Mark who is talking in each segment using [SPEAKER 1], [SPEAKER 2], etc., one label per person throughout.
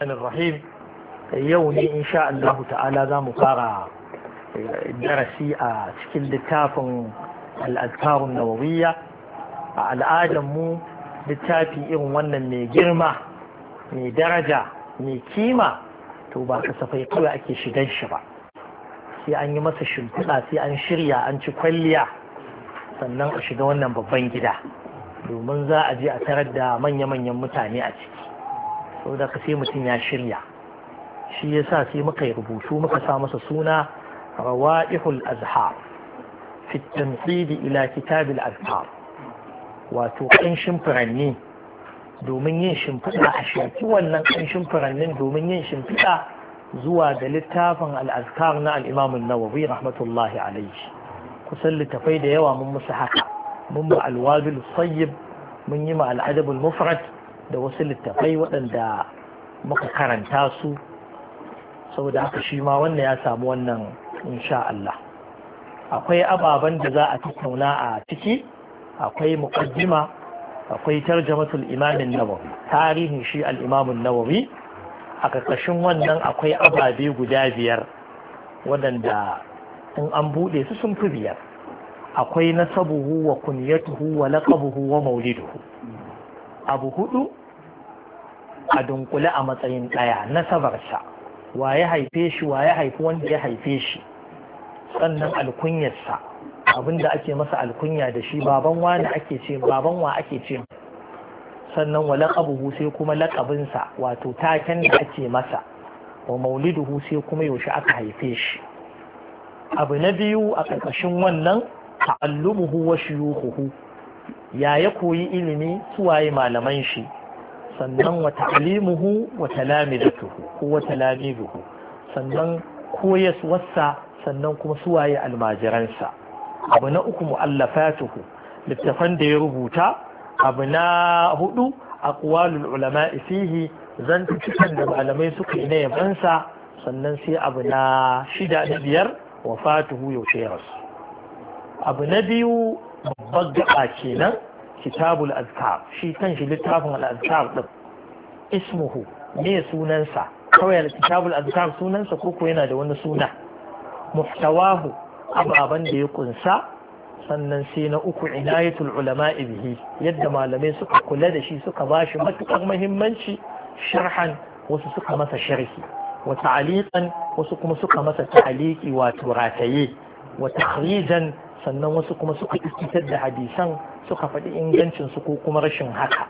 [SPEAKER 1] Yau الرحيم يوني إن شاء الله تعالى ذا مقارع درسي أشكل لتاف الأذكار النووية الآدم مو littafi irin wannan mai girma mai daraja mai kima to ba kasafai kawai ake shigan shi ba sai an yi masa shimfiɗa sai an shirya an ci kwalliya sannan a shiga wannan babban gida domin za a je a tarar da manya-manyan mutane a ciki sau da ka sai mutum ya shirya shi ya sa sai muka yi rubutu muka sa masa suna rawa'ihul azhar fi tamhidi ila kitabil azhar wato ƙanshin furanni domin yin shimfiɗa a shirki wannan ƙanshin furannin domin yin shimfiɗa zuwa ga littafin al'azkar na al'imamun nawawi rahmatullahi alaihi kusan littafai da yawa mun musu haka mun ma alwadul sayyib mun yi ma al'adabul mufrad da wasu littafai waɗanda muka karanta su saboda haka shi ma wannan ya samu wannan insha Allah akwai ababen da za a tattauna a ciki akwai muqaddima akwai tarjamatul imamin nawawi tarihin shi al-imamun nawawi a ƙarƙashin wannan akwai ababe guda biyar waɗanda in an buɗe su sun fi biyar akwai nasabuhu wa kunyatuhu wa laqabuhu wa mauliduhu abu hudu a dunkule a matsayin ɗaya nasabarsa wa ya haife shi wa ya haifi wanda ya haife shi sannan alkunyarsa abinda ake masa alkunya da shi baban wa ne ake ce baban wa ake ce sannan wa laqabuhu sai kuma laqabinsa wato taken da ake masa wa mauliduhu sai kuma yaushe aka haife shi abu na biyu a ƙarƙashin wannan ta'allumuhu wa shuyuhuhu ya ya koyi ilimi suwaye malaman shi sannan wa ta'limuhu wa talamidatuhu ko wa talamiduhu sannan koyaswarsa sannan kuma suwaye almajiransa abu na uku mu'allafatuhu littafan da ya rubuta abu na hudu aqwalul ulama fihi zantukan da malamai suka yi na yabansa sannan sai abu na shida na biyar wafatuhu yaushe ya rasu abu na biyu babbar gaba kenan kitabul azkar shi kan shi littafin alazkar ɗin ismuhu me sunansa kawai kitabul azkar sunansa koko yana da wani suna muhtawahu ababen da ya kunsa sannan sai na uku inayatul ulama ibihi yadda malamai suka kula da shi suka ba shi matukar muhimmanci sharhan wasu suka masa sharhi wa ta'aliqan wasu kuma suka masa ta'aliki wato rataye wa sannan wasu kuma suka iskitar da hadisan suka faɗi ingancinsu ko kuma rashin haka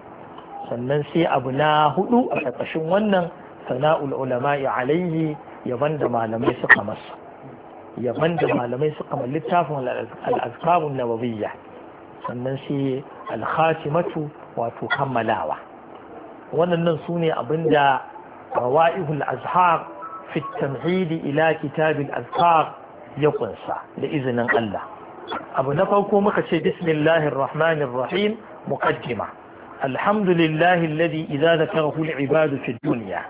[SPEAKER 1] sannan sai abu na hudu a ƙarƙashin wannan sana'ul ulama'i alaihi yaban da malamai suka masa yaban da malamai suka ma littafin al'azkarun nawawiyya sannan sai alhatimatu wato kammalawa waɗannan su ne abinda rawa'ihul azhar fi tamhidi ila kitabil azhar ya kunsa da izinin Allah abu na farko muka ce bismillahir rahmanir rahim muqaddima alhamdulillahi alladhi idza zakarahu al-ibadu fi dunya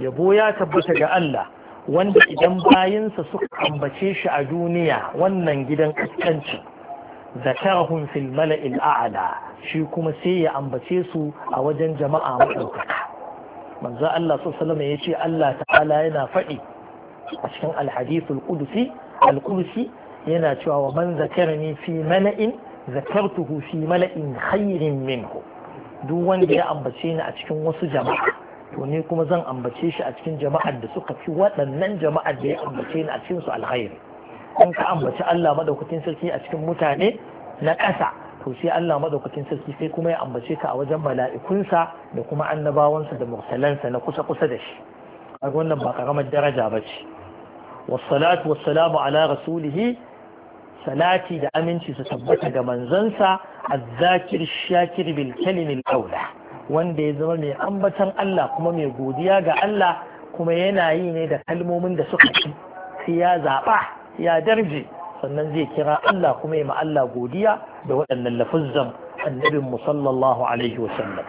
[SPEAKER 1] yabo ya tabbata ga Allah wanda idan bayinsa suka ambace shi a duniya wannan gidan kaskanci zakarahum fil mala'il a'la shi kuma sai ya ambace su a wajen jama'a madaukaka manzo Allah sallallahu alaihi wasallam yace Allah ta'ala yana faɗi a cikin al-hadithul qudsi al-qudsi yana cewa wa man ni fi mala'in zakartuhu fi mala'in khairin minhu duk wanda ya ambace ni a cikin wasu jama'a to ni kuma zan ambace shi a cikin jama'ar da suka fi waɗannan jama'ar da ya ambace ni a cikin su alkhairi in ka ambaci Allah madaukakin sarki a cikin mutane na ƙasa to sai Allah madaukakin sarki sai kuma ya ambace ka a wajen mala'ikunsa da kuma annabawansa da mursalansa na kusa kusa da shi kaga wannan ba karamar daraja ba ce والصلاة والسلام على رسوله salati da aminci su tabbata ga manzansa a zakir shakir bil kalimin aula wanda ya zama mai ambatan Allah kuma mai godiya ga Allah kuma yana yi ne da kalmomin da suka ci sai ya zaɓa ya darje sannan zai kira Allah kuma ya ma Allah godiya da waɗannan lafuzzan annabin mu sallallahu alaihi wa sallam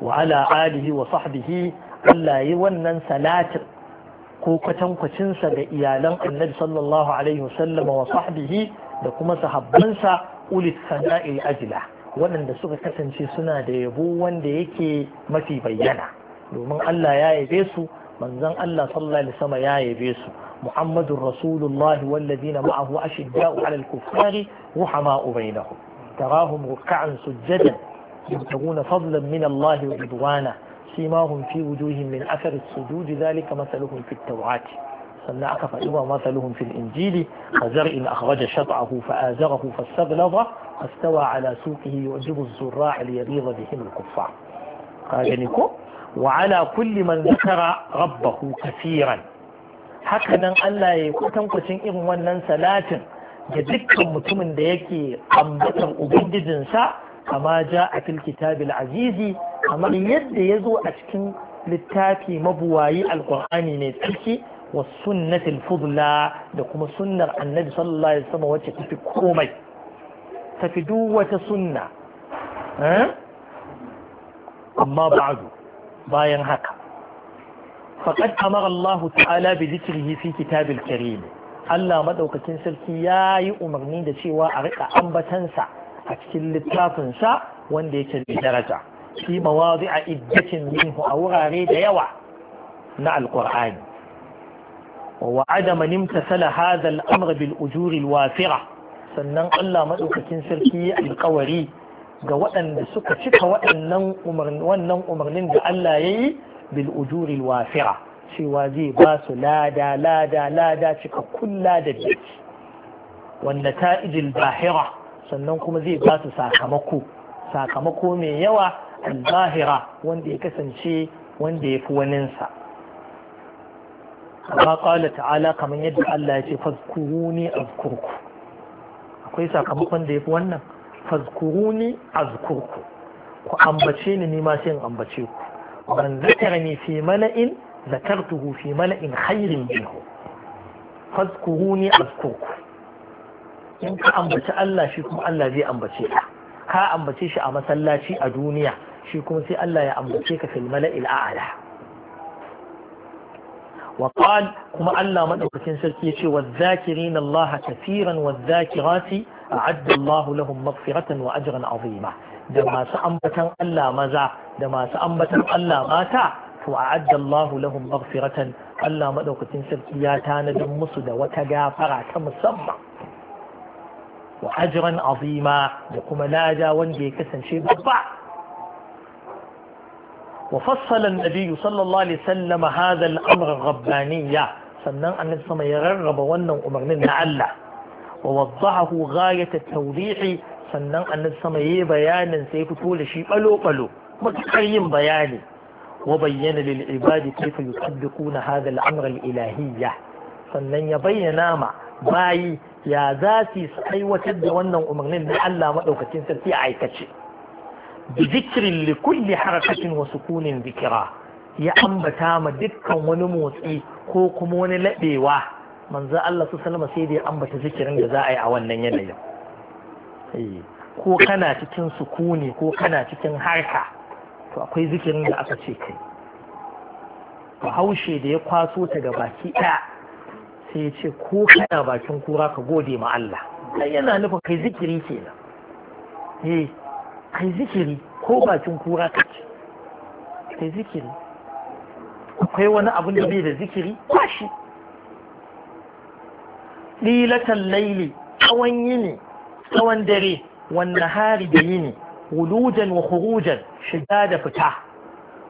[SPEAKER 1] wa ala alihi wa sahbihi Allah yi wannan salatin ko kwatankwacinsa da iyalan annabi sallallahu alaihi wa sallam wa sahbihi da kuma sahabbansa ulit sana'il ajila waɗanda suka kasance suna da yabo wanda yake mafi bayyana domin Allah ya yabe su manzon Allah sallallahu alaihi wasallam ya yabe su Muhammadur Rasulullah wallazina ma'ahu ashidda'u 'alal kuffari ruhama'u bainahum tarahum ruk'an sujadan يبتغون فضلا من wa ورضوانه سيماهم في وجوههم من أثر السجود ذلك مثلهم في التوراة sannan aka faɗi wa masaluhum fil injili ka zar'in akhraja shat'ahu fa azarahu fastablaza fastawa ala suqihi yujibu az-zurra' a yaghiza bihim al-kuffar ka gani ko wa ala kulli man zakara rabbahu kaseeran haka nan Allah ya yi kutankucin irin wannan salatin ga dukkan mutumin da yake ambatar ubangijinsa kama ja a fil kitabil azizi kamar yadda ya zo a cikin littafi mabuwayi alkur'ani mai tsarki wa sunnatil fudla da kuma sunnar annabi sallallahu alaihi wasallam wacce tafi komai tafi duk wata sunna eh? amma ba'du bayan haka faqad amara Allah ta'ala bi dhikrihi fi kitabil karim Allah maɗaukacin sarki yayi umarni da cewa a rika ambatansa a cikin littafin sa wanda yake da daraja fi a iddatin minhu a wurare da yawa na Alƙur'ani. ووعد من امتثل هذا الأمر بالأجور الوافرة sannan Allah maɗaukakin sarki ya alkawari ga waɗanda suka cika wannan umarnin da Allah ya yi bil ujuril wafira cewa zai ba su lada lada lada cikakkun lada da wanda ta ijil bahira sannan kuma zai ba su sakamako sakamako mai yawa al-bahira wanda ya kasance wanda ya fi waninsa amma da ta'ala kamar yadda Allah ya ce fazkuruni azkurku akwai sakamakon da ya fi wannan fazkuruni azkurku ku ambace ni nima sai in ambace ku ban zakara ni fi mala'in zakartuhu fi mala'in khairin minhu fazkuruni azkurku in ka ambaci Allah shi kuma Allah zai ambace ka ka ambace shi a masallaci a duniya shi kuma sai Allah ya ambace ka fil mala'il a'la وقال كما ألا من أكتن سلكي والذاكرين الله كثيرا والذاكرات أعد الله لهم مغفرة وأجرا عظيما دما سأنبتا ألا مزا دما سأنبتا ألا ماتا فأعد الله لهم مغفرة ألا من أكتن سلكي تاند مصد وتجافر كمسمى وأجرا عظيما وكما لا جا وانجي كسن شيء ببع وفصل النبي صلى الله عليه وسلم هذا الأمر الربانية sannan annabi sama ya rarraba wannan umarnin na Allah wa waddahu ghayata tawdihi sannan annabi sama bayanin sai fito da shi balo balo matakar yin bayani wa bayyana lil ibadi kayfa yusaddiquna hadha al amr ilahiyya sannan ya bayyana ma bayi ya za su aiwatar da wannan umarnin na Allah madaukakin sarki a aikace بذكر لكل حركة وسكون ذكرى يا أم بتام دكا ونموتي كوكم ونلأبيوا من ذا الله سلم سيدي أم بتذكر إن a wannan yanayin. ko kana cikin sukuni ko kana cikin harka to akwai zikirin da aka ce kai bahaushe da ya kwaso ta ga baki ɗaya sai ya ce ko kana bakin kura ka gode ma Allah yana nufin kai zikiri kenan eh kai zikiri ko bakin kura kai zikiri akwai wani abin da bai da zikiri ba lilatan laili tsawon yini tsawon dare wannan hari da yini wulujan wa khurujan shiga da fita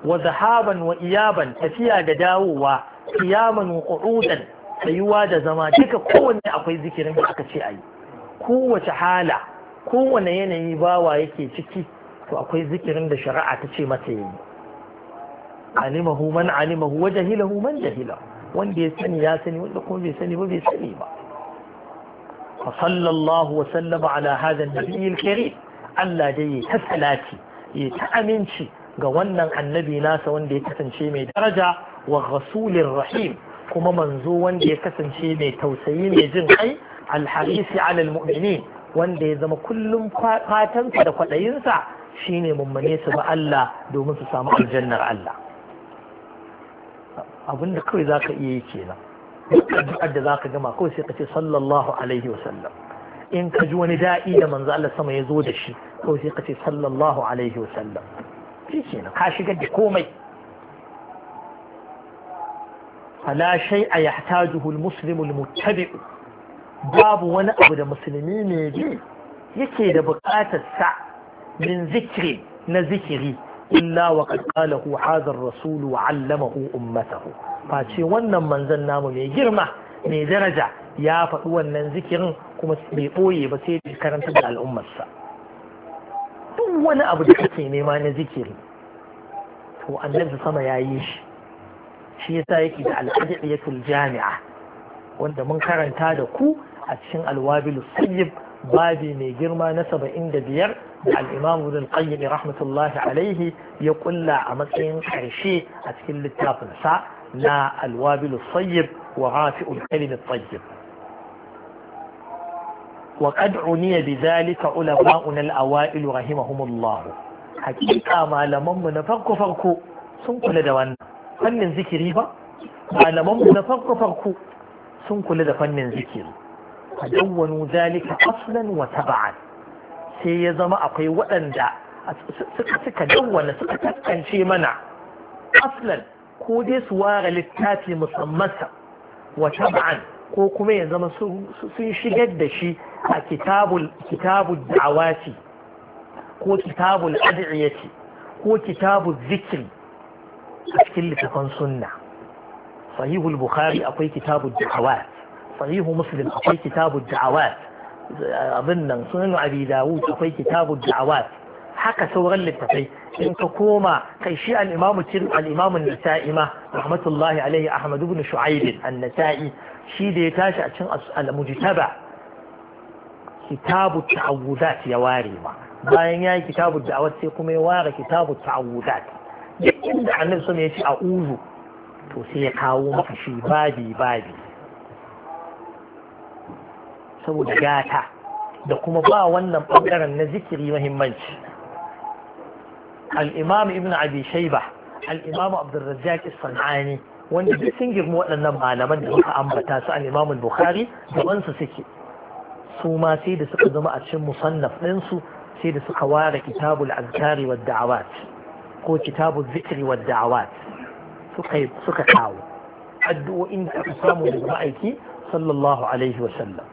[SPEAKER 1] wa zahaban wa iyaban tafiya da dawowa iyaban wa qu'udan tsayuwa da zama duka kowanne akwai zikirin da aka ce ayi kowace hala kowane yanayi bawa yake ciki to akwai zikirin da shari'a ta ce mata yayi alimahu man alimahu wa jahilahu man wanda ya sani ya sani wanda kuma bai sani ba bai sani ba فصلى الله وسلم على هذا النبي الكريم Allah dai ya ta salati ya ta aminci ga wannan annabi nasa wanda ya kasance mai daraja wa rasulin rahim kuma manzo wanda ya kasance mai tausayi mai jin kai alharisi alal mu'minin wanda ya zama kullum fatansa da kwaɗayinsa shine mummune su ba Allah domin su samu aljannar Allah abinda kawai za ka iya yi kenan addu'ar da za ka gama kawai sai ka ce sallallahu alaihi wasallam in ka ji wani da'i da manzo Allah sama ya zo da shi kawai sai ka ce sallallahu alaihi wasallam shi kenan ka shigar da komai فلا شيء يحتاجه المسلم المتبع babu wani abu da musulmi ne bi yake da buƙatar sa min zikiri na zikiri illa wa qad qalahu hadha ar-rasul wa 'allamahu ummatahu ce wannan manzan namu mai girma mai daraja ya faɗi wannan zikirin kuma bai ɓoye ba sai da karanta da al'ummarsa duk wani abu da kake nema na zikiri to annabi sama ya yi shi shi yasa yake da al'adiyatul jami'a wanda mun karanta da ku a cikin alwabilu sayyib babi mai girma na saba'in da biyar da al'imam ibn qayyim rahmatullahi alaihi ya kulla a matsayin ƙarshe a cikin littafin sa na alwabilu sayyib wa rafi'ul kalim tayyib wa qad uniya bi zalika ulama'una al-awa'il rahimahumullah hakika malaman mu na farko farko sun kula da wannan fannin zikiri ba malaman mu na farko farko sun kula da fannin zikiri a dawwanu zalika aslan wa taba'an sai ya zama akwai waɗanda suka suka dawwana suka taskance mana aslan ko dai su ware littafi musammansa wa taba'an ko kuma ya zama sun shigar da shi a kitabul kitabul da'awati ko kitabul ad'iyati ko kitabul zikri a cikin littafan sunna sahihul bukhari akwai kitabud da'awat sahihu muslim akwai kitabud da'awat abin sunan abi akwai kitabud da'awat haka sauran littafai in ka koma kai shi al ma rahmatullahi alaihi ahmad ibn shu'aib an shi da ya tashi a cikin al-mujtaba kitabu ta'awudat ya ware ma bayan ya yi kitabu da'awat sai kuma ya ware kitabu ta'awudat duk inda annabi sun ya a a'udhu to sai ya kawo maka shi babi babi saboda gata da kuma ba wannan bangaren na zikiri mahimmanci al'imam ibn abi shaiba al'imam abdurrazzaq sanani wanda duk sun girma waɗannan malaman da suka ambata su al'imam bukhari wansu suke su ma sai da suka zama a cikin musannaf ɗinsu sai da suka ware kitabul azkari wa da'awat ko kitabul zikiri wa da'awat suka kawo addu'o'in da aka samu daga ma'aiki sallallahu alaihi wasallam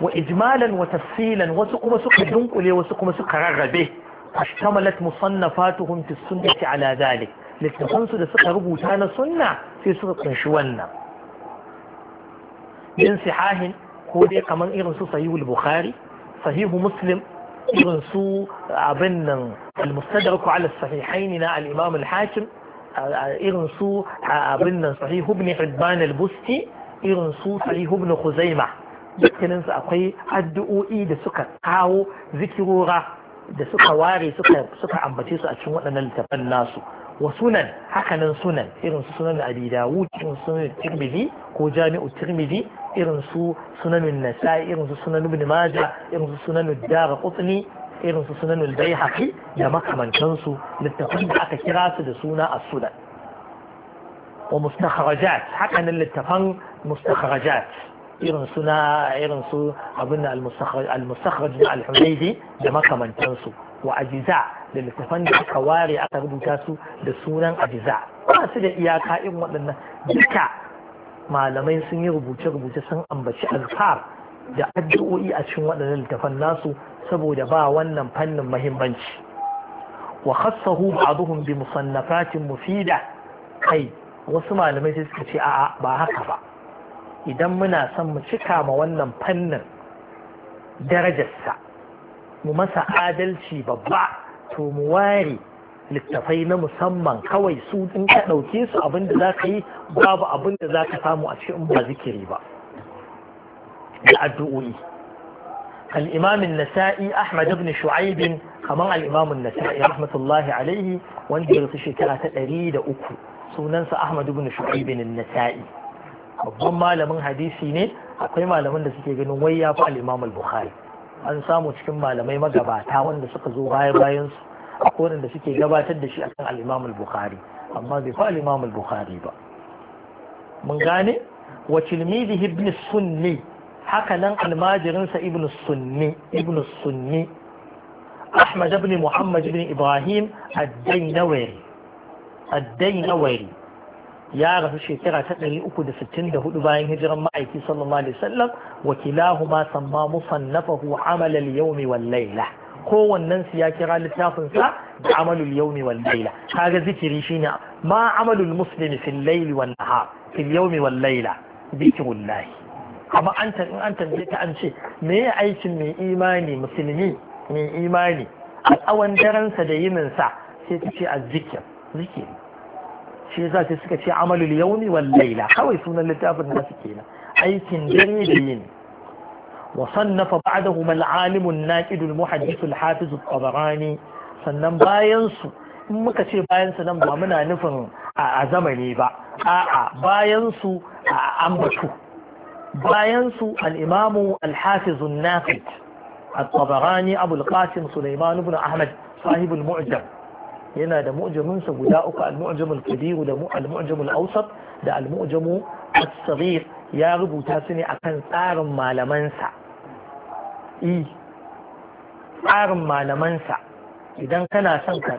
[SPEAKER 1] wa ijmalan wa tafsilan wasu kuma suka dunkule wasu kuma suka rarrabe ashtamalat musannafatuhum fi sunnati ala dhalik littafansu da suka rubuta na sunna sai suka kunshi wannan min sihahin ko dai kamar irin su sahihul bukhari sahihu muslim irin su abin nan al-mustadrak ala sahihain na al-imam al-hakim irin su abin nan sahih ibn hibban al-busti irin su sahih ibn khuzaimah dukkanin su akwai addu'o'i da suka kawo zikirora da suka ware suka suka ambace su a cikin waɗannan littafan nasu وسنن حكنا سنن إرن سنن أبي داود إرن سنن الترمذي كو جامع الترمذي إرن سنن النساء إرن سنن ابن ماجه إرن سنن الدار قطني إرن سنن البيحقي يا مكمن كنسو للتقريب حكا كراس دسونا السنن ومستخرجات حكنا للتفن مستخرجات إرن سنا إرن سو أبن المستخرج المستخرج مع الحميدي يا مكمن كنسو wa ajiza da littafan da aka ware aka rubuta su da sunan ajiza ba su da iyaka in waɗannan duka malamai sun yi rubuce-rubuce sun ambaci alfar da addu'o'i a cikin waɗannan littafan nasu saboda ba wannan fannin mahimmanci wa khassahu ba'dhum bi musannafatin mufida kai wasu malamai sai suka ce a'a ba haka ba idan muna son mu cika ma wannan fannin darajarsa mu masa adalci babba to mu ware littafai na musamman kawai su in ka ɗauke su abin da za ka yi babu abin da za ka samu a cikin ba zikiri ba da addu'o'i الإمام النسائي أحمد بن شعيب كمان nasai rahmatullahi رحمة wanda عليه shekara تشكرة أريد أكو سننسى أحمد بن شعيب النسائي babban malamin hadisi ne akwai malaman da suke ganin wai ya fi al-Imam al-Bukhari an samu cikin malamai magabata wanda suka zo baya bayan su koren da suke gabatar da shi akan kan al'imamul bukhari amma bai fa al'imamul bukhari ba mun gane wa tilmidi ibn sunni haka nan almajirin sa ibn sunni ibn sunni Ahmad ibn Muhammad ibn Ibrahim ad dainawi ad dainawi ya rasu shekara ta 364 bayan hijiran ma'aiki sallallahu alaihi wasallam wa kilahuma samma musannafahu amal al-yawm wal layla kowannen su ya kira littafin sa da amalul yawmi wal layla kaga zikiri shine ma amalul muslimi fil layli wan nahar fil yawmi wal layla zikrullah amma an in an tambaye ta an ce me ya aikin mai imani musulmi mai imani a tsawon daren sa da yinin sa sai ta ce azzikir zikiri shi yasa sai suka ce amalul yawmi wal layla kawai sunan littafin nasu kenan aikin dare da yini وصنف بعدهما العالم الناقد المحدث الحافظ الطبراني sannan bayansu in muka ce bayansu nan ba muna nufin a zamani ba a'a bayansu a ambatu bayansu al'imamu alhafizun naqid الطبراني أبو القاسم سليمان بن أحمد صاحب yana da mu'jaminsa guda uku al-mu'jamul kabiru da al-mu'jamul awsat da al-mu'jamu as-saghir ya rubuta su ne akan tsarin malamansa i tsarin malamansa idan kana son ka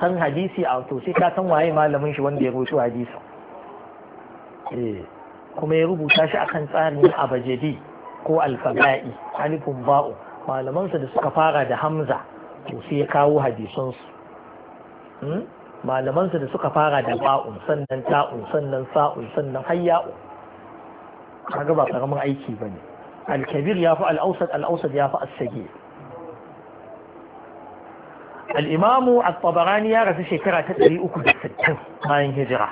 [SPEAKER 1] san hadisi a wato sai ka san waye malamin shi wanda ya rubuta hadisi eh kuma ya rubuta shi akan tsarin abajadi ko alfaga'i alifun ba'u malamansa da suka fara da hamza to sai ya kawo hadisansu hmm? malamansu da suka fara da ba'un sannan ta'un sannan sa'un sannan hayya'u kaga ba karamin aiki ba ne alkabir ya fi al'ausar al'ausar ya fi assage al'imamu al-tabarani ya rasu shekara ta 360 bayan hijira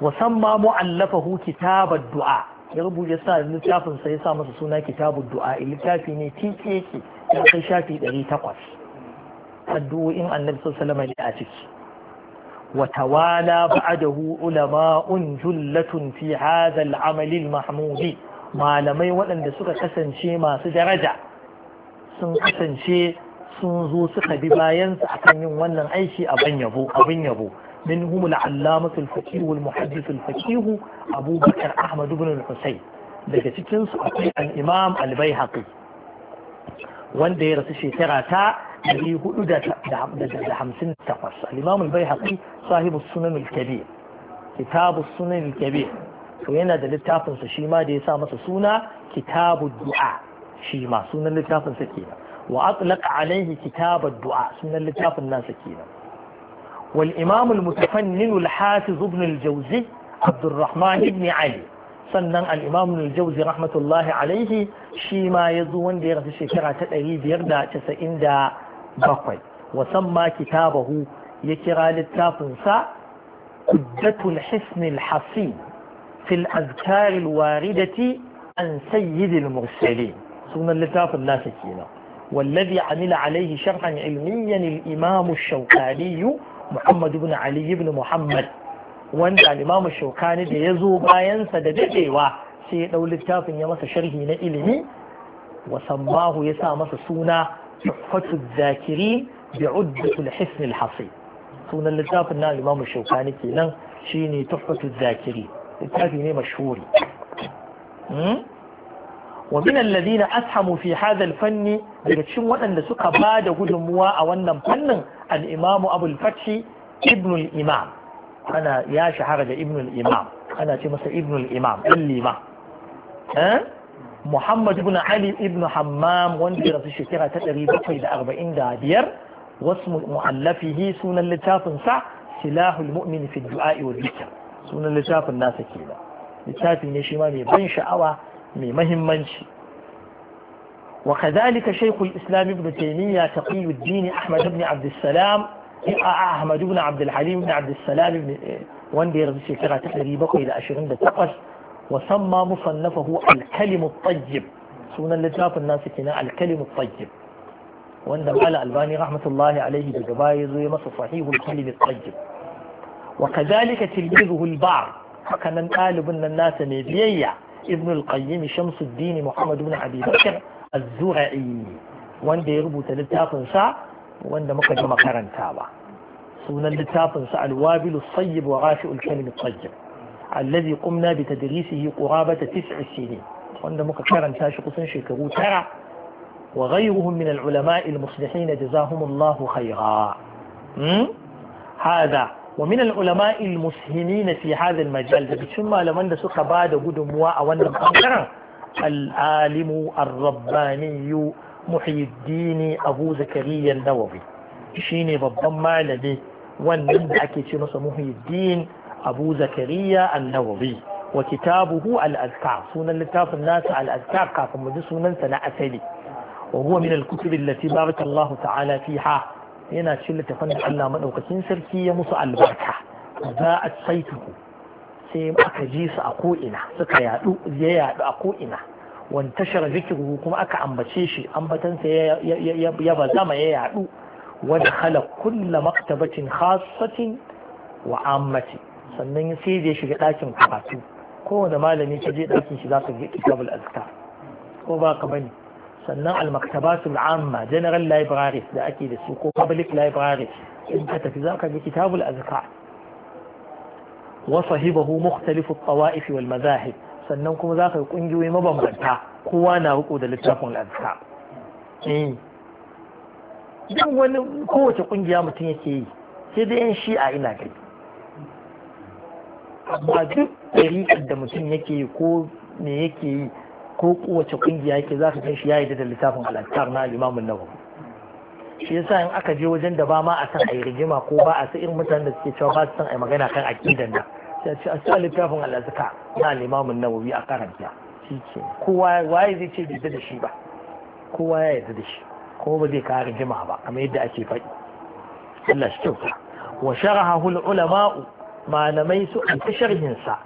[SPEAKER 1] wasamma mu'allafahu kitabar du'a ya rubuta sa littafinsa ya sa masa suna kitabar du'a littafi ne tikeke ya kai shafi 800 addu'o'in annabi sallallahu alaihi a ciki wa da hu ulama'un jullatun fi hadha al mahmudi malamai waɗanda suka kasance masu daraja sun kasance sun zo suka bi bayansa akan yin wannan aiki abin yabo abin yabo منهم العلامة الفقيه والمحدث الفقيه أبو بكر أحمد بن Husayn, daga cikinsu akwai Imam al albaihaqi wanda ya rasu shekara ta 458 al-imam al-baihaqi sahibu sunan al-kabir kitabu sunan al to yana da littafin sa shi ma da sa masa suna kitabu du'a shi ma sunan littafin sa kenan wa atlaqa alaihi kitabu du'a sunan nasa kenan wal hafiz ibn al-jawzi عبد الرحمن بن علي sannan al'imamun aljauzi rahmatullahi alaihi shi ma ya zo wanda ya rasu shekara ta ɗari biyar da da bakwai wasan ma kitabahu ya kira littafinsa kuddatul hisnil hasi fil azkaril waridati an sayyidil mursali sunan littafin nasa kenan والذي عمل عليه شرحا علميا الإمام الشوكاني محمد بن علي بن محمد wanda alimamu shaukani da ya zo bayansa da daɗewa sai ya ɗau littafin ya masa sharhi na ilimi ya sa masa suna تحفة الذاكرين بعدة الحسن الحصين سونا للتاف النا الإمام الشوكاني كينا شيني تحفة الذاكرين التافي ني مشهوري ومن الذين أسهموا في هذا الفن لكشن وأن سكا بعد قدموا أو أن فن الإمام أبو الفتح ابن الإمام أنا يا شهر ابن الإمام أنا شمس ابن الإمام الإمام ها أه؟ muhammad ibn ali ibn hammam wanda ya rasu shekara ta ɗari bakwai da arba'in da biyar wasu mu'allafihi sunan littafin sa silahul mu'min fi du'a'i wa dhikr sunan littafin nasa kenan littafi ne shi ma mai ban sha'awa mai mahimmanci وكذلك شيخ الإسلام ابن تيمية تقي الدين أحمد بن عبد السلام أحمد بن عبد الحليم بن عبد السلام بن وندير بسكرة تقريبا إلى أشرين تقص وسمى مصنفه الكلم الطيب سنة لتاف الناس كنا الكلم الطيب وان قال الباني رحمة الله عليه بالجبايز ويمس صحيح الكلم الطيب وكذلك تلميذه البعض فكان قالب ان الناس نبيا ابن القيم شمس الدين محمد بن ابي بكر الزرعي وان يربط لتاف سا وان مكجم كرنتابا سنة لتاف سا الوابل الصيب وغاشئ الكلم الطيب allazi qumna bi tadrisihi qurabata tis'i sinin wanda muka karanta shi kusan shekaru tara wa ghayruhum min al-ulama al-muslihin jazahumullahu khayra hada wa min al-ulama al-muslimin fi hada al da cikin malaman da suka ba da gudunmuwa a wannan bangaren al-alimu ar-rabbani muhyiddin abu zakariya an-nawawi shine babban malami wannan da ake ce masa muhyiddin abu zakariya annawawi wa kitabuhu al sunan littafin nasa al kafin mu ji sunansa na asali wa huwa min al-kutub allati baraka Allah ta'ala fiha yana cikin littafin da Allah madaukakin sarki ya musu albarka za a saituhu sai aka ji su a ko'ina suka yadu ya yadu a ko'ina wantashar zikiru kuma aka ambace shi ambatansa ya bazama ya yadu wadda khala kulla maktabatin khasatin wa ammati sannan ya sai ya shiga ɗakin karatu kowane malami ta je ɗakin shi za ka ga kitabul azkar ko ba ka bane sannan almaktabatul amma general libraries da ake da su ko public libraries in ka tafi za ka ga kitabul azka wa sahibahu mukhtalifu at-tawa'if wal mazahib sannan kuma za ka yi kungiyoyi mabambanta kowa na riko da littafin azka eh duk wani kowace kungiya mutum yake yi sai dai yan shi'a ina kai amma duk ɗariƙar da mutum yake ko me yake yi ko kowace ƙungiya yake za ka shi ya yi da littafin al'attar na limamin nawawi shi yasa in aka je wajen da ba ma a san a yi rigima ko ba a san irin mutanen da suke cewa ba su san a yi magana kan aƙidan nan sai ce a sa littafin al'azka na limamin nawawi a karanta shi ke kowa waye zai ce bai da shi ba kowa ya yarda da shi ko ba zai kawo rigima ba kamar yadda ake faɗi Allah shi kyauta wa sharaha hul ulama'u malamai su an ta sharhinsa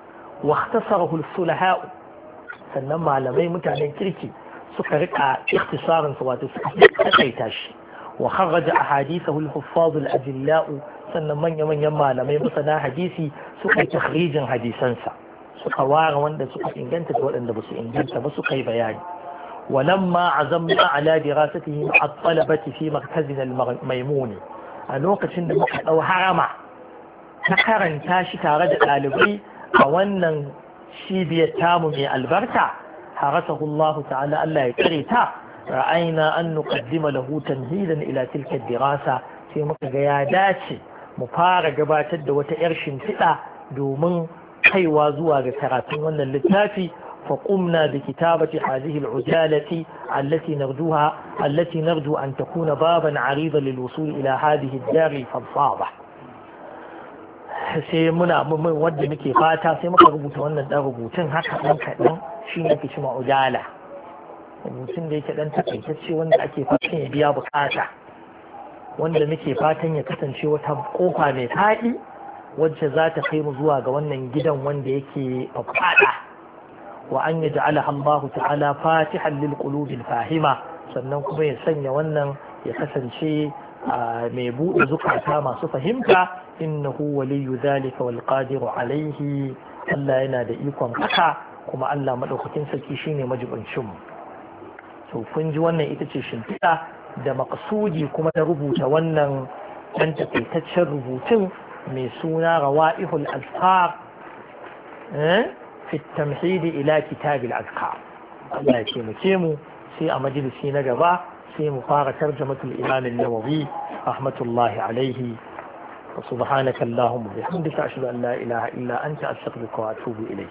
[SPEAKER 1] wa tasarahu sulaha'u sannan malamai mutanen kirki suka rika ikhtisarin sa wato suka takaita shi wa kharraja ahadithahu al-huffaz al-ajilla'u sannan manya manyan malamai masana hadisi suka yi takhrijin hadisansa suka ware wanda suka inganta da waɗanda ba su inganta ba suka yi bayani ولما عزمنا على fi مع الطلبة Maimuni a lokacin da muka ɗau Harama. ta karanta shi tare da ɗalibai a wannan cibiyar tamu mai albarka harasa Allah ta'ala Allah ya tsare ta ra'ayna an nuqaddima lahu tanhidan ila tilka dirasa sai muka ga ya dace mu fara gabatar da wata yar shimfiɗa domin kaiwa zuwa ga karatun wannan littafi فقمنا بكتابة هذه العجالة التي نرجوها التي نرجو أن تكون baban عريضا للوصول إلى هذه الدار الفضفاضة sai muna mun wanda muke fata sai muka rubuta wannan dan rubutun haka dan kaɗan shi ne ke cima ujala rubutun da yake dan takaitacce wanda ake fatan ya biya bukata wanda muke fatan ya kasance wata kofa mai faɗi wacce za ta kai mu zuwa ga wannan gidan wanda yake faɗa wa an ja'ala Allahu ta'ala fatihan lil qulubil fahima sannan kuma ya sanya wannan ya kasance mai buɗe zukata masu fahimta innahu waliyu zalika wal qadiru alaihi Allah yana da ikon haka kuma Allah madaukakin sarki shine majibancin mu to kun ji wannan ita ce shimfiɗa da maksudi kuma na rubuta wannan ɗan takaitaccen rubutun mai suna rawa'ihul azkar eh, fi tamhidi ila kitabil azkar Allah ya taimake mu sai a majalisi na gaba sai mu fara tarjamatul imam an-nawawi rahmatullahi alaihi wa subhanaka allahumma bihamdika ashhadu an la ilaha illa anta astaghfiruka wa atubu ilayk